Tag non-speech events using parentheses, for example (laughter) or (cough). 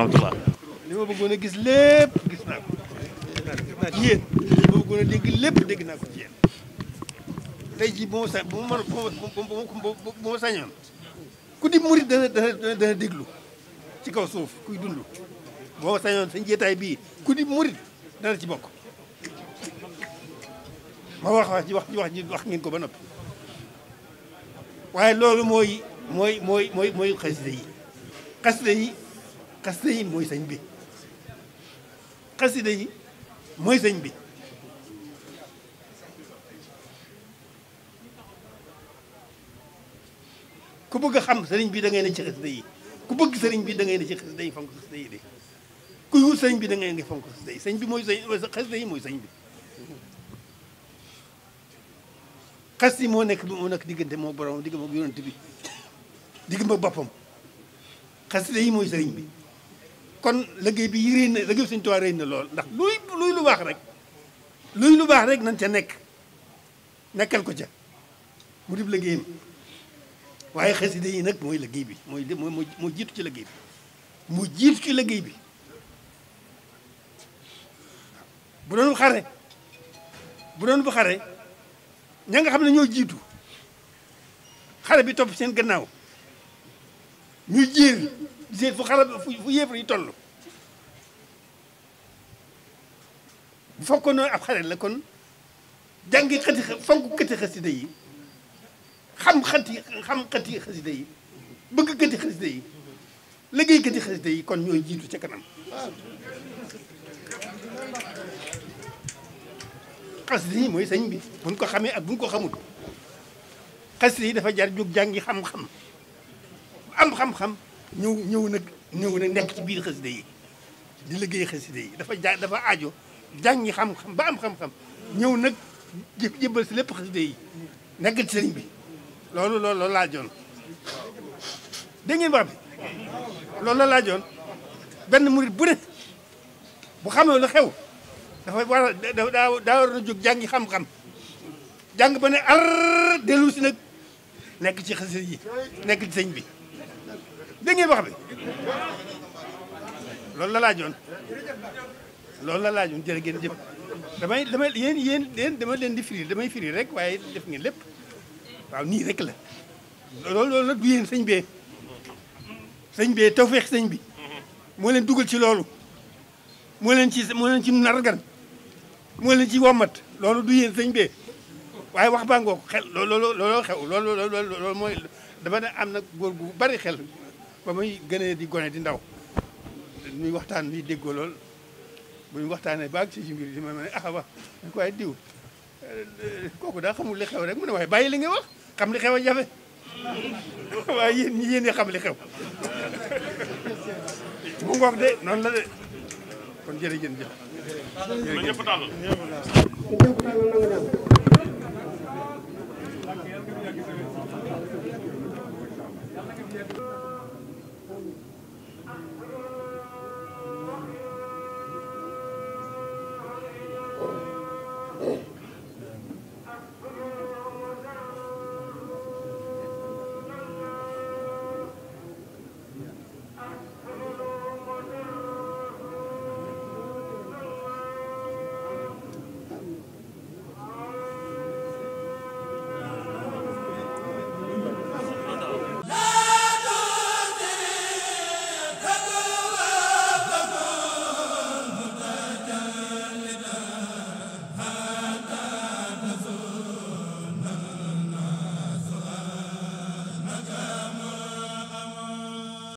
rahmatullah li ma bëggoon a gis lépp gis naa ko gis naa lépp dégg naa ko ci jii bu ma sa bu ma bu sañoon ku di murit dana dana déglu ci kaw suuf kuy dund boo ma sañoon sañ jéetaay bii ku di murit dana ci bokk ma wax wax ji wax ji wax ji ko ba noppi waaye loolu mooy mooy mooy mooy mooy xasida yi xasida yi xasida yi mooy sëñ bi xasida yi mooy sëñ bi ku bëgg a xam sëriñ bi da ngay ne ci xasida yi ku bëgg sëriñ bi da ngay ne ci xasida yi fonk xasida yi de ku wut sëriñ bi da ngay ne fonk xasida yi sëñ bi mooy sëñ xasida yi mooy sëñ bi xas yi moo nekk moo nekk diggante moo borom digg ma yonent bi digg ma boppam xasida yi mooy sëriñ bi kon liggéey bi yi réy na liggéey bi Sëñ Tuubaa réy lool ndax luy luy lu baax rek luy lu baax rek nañ ca nekk nekkal ko ca mu dib liggéeyam waaye xasida yi nag mooy liggéey bi mooy moo moo jiitu ci liggéey bi mu jiitu ci liggéey bi bu doon xare bu doon bu xare ña nga xam ne ñoo jiitu xare bi topp seen gannaaw ñu jiir gisee fu xarab fu yéefar yi toll bu fekkoon noonu ab xarit la kon jàngi xati fonk këti xasida yi xam xati xam xati xasida yi bëgg këti xasida yi liggéey këti xasida yi kon ñooy jiitu ci kanam xasida yi mooy sëñ bi buñ ko xamee ak buñ ko xamul xasida yi dafa jar jóg jàngi xam-xam am xam-xam ñëw ñëw nag ñëw nag nekk ci biir xasida yi di liggéey xasida yi dafa ja dafa aajo jàngi xam-xam ba xam-xam ñëw nag jébbal si lépp xasida yi nekk ci sëriñ bi loolu loolu loolu laa joon dégg ngeen wax bi loolu la laa xew dafa war a daa daa war jóg jàngi xam jàng ba ne ar dellu nag nekk ci xasida yi nekk ci sëñ bi dégg ngeen wax bi loolu la laajoon loolu la laajoon jërë ngeen jëf damay damay yéen yéen yéen dama leen di firi damay firi rek waaye def ngeen lépp waaw nii rek la loolu loolu nag du bee sëñ bee tawfeex sëñ bi moo dugal ci loolu moo leen ci moo leen ci nargan moo leen ci wommat loolu du yéen sëñ bee waaye wax baa ngoog xel loolu loolu loolu mooy dama ne am na góor gu bari xel ba muy gënee di gone di ndaw ñuy waxtaan ñuy déggoo lool bu ñu waxtaanee baag si si mbir si ma ne ah wax ko waaye diw kooku daa xamul li xew rek mu ne waaye bàyyi li nga wax xam li xew a jafe (laughs) waaye yéen ñi yéen xam li xew (laughs) mu ngoog de noonu la de kon jërëjëf jëf ñëpp